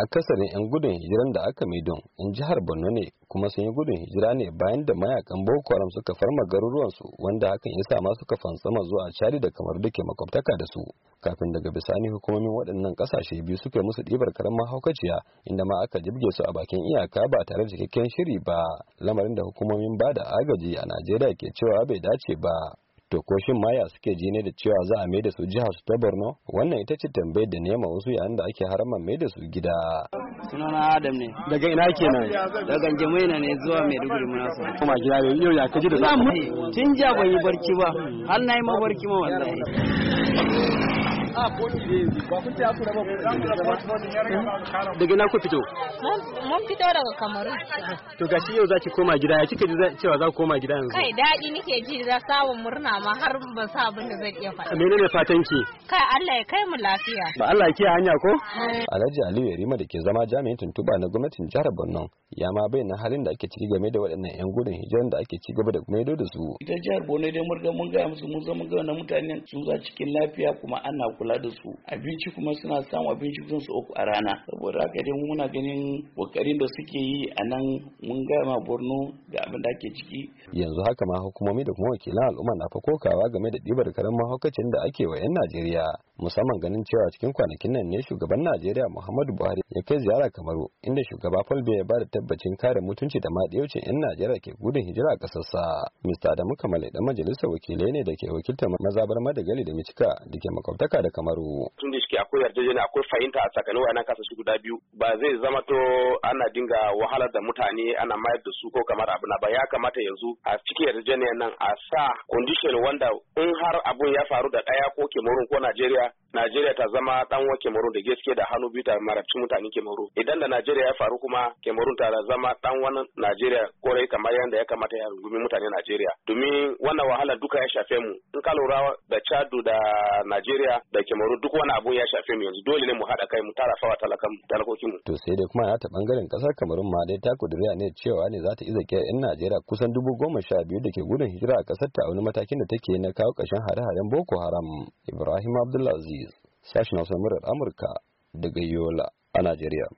akasarin 'yan gudun hijiran da aka maidon in jihar borno ne kuma sun yi gudun hijira ne bayan da mayakan boko haram suka farma garuruwansu wanda hakan ya sa ma suka fantsama zuwa cari da kamar duke makwabtaka da su kafin daga bisani hukumomin waɗannan ƙasashe biyu suka musu ɗibar karamar haukaciya inda ma aka jibge su a bakin iyaka ba tare da cikakken shiri ba lamarin da hukumomin ba da agaji a najeriya ke cewa bai dace ba to ko shin maya suke ji ne da cewa za a maida su jihar su ta borno wannan ita ce tambayar da nema wasu yayin da ake harama maida su gida sunana adam ne daga ina kenan daga jamaina ne zuwa maiduguri muna so kuma gida yau ya kaji da zamu tun ja ban yi barci ba har na yi mabarki ma wallahi daga na ku fito mun fito daga kamaru to shi yau zaki koma gida ya kike cewa za ku koma gida yanzu kai daɗi nake ji da samun murna ma har ban sa abin da zan iya faɗa menene fatan ki kai Allah ya kai mu lafiya ba Allah ya kiyaye hanya ko eh. Alhaji Aliyu Yarima da ke zama jami'in tuntuba na gwamnatin jihar Borno ya ma bayyana halin da ake ciki game da waɗannan 'yan gudun hijiran da ake ci gaba da maido da su ita jihar Borno dai mun ga mun ga musu mun zama ga mutanen su za cikin lafiya kuma ana kula da su abinci kuma suna samun abinci kusan su uku a rana saboda haka dai muna ganin kokarin da suke yi a nan mun ma borno ga abin da ake ciki yanzu haka ma hukumomi da kuma wakilan al'umma na fa kokawa game da ɗibar karamin mahaukacin da ake wa 'yan najeriya musamman ganin cewa cikin kwanakin nan ne shugaban najeriya muhammadu buhari ya kai ziyara kamaru inda shugaba falbe ya ba da tabbacin kare mutunci da maɗiyaucin 'yan najeriya ke gudun hijira a ƙasarsa mista adamu kamale dan majalisar wakilai ne da ke wakiltar mazabar madagali da micika da ke makwabtaka da Kamaru. Tun da shike akwai yarjejeniya akwai fahimta a tsakanin wayannan kasashe guda biyu ba zai zama to ana dinga wahalar da mutane ana mayar da su ko kamar abu na ba ya kamata yanzu a cikin yarjejeniyar nan a sa condition wanda in har abun ya faru da ɗaya ko Kemaru ko Najeriya Najeriya ta zama dan wa Kemaru da gaske da hannu biyu ta marabci mutanen Kemaru. Idan da Najeriya ya faru kuma Kemaru ta zama dan wani Najeriya korai kamar yadda ya kamata ya rungumi mutanen Najeriya. Domin wannan wahala duka ya shafe mu. In ka lura da Chadu da Najeriya da da maru duk wani abu ya shafe mu yanzu dole ne mu haɗa kai mu tara fawa talakan talakokin mu. To sai dai kuma ya ta bangaren kasar kamarun ma dai ta kudura ne cewa ne za ta iza kiyar 'yan Najeriya kusan dubu goma sha biyu da ke gudun hijira a kasar ta a wani matakin da take na kawo ƙarshen hare-haren Boko Haram. Ibrahim Abdulaziz, sashen Hausa Murar Amurka daga Yola a Najeriya.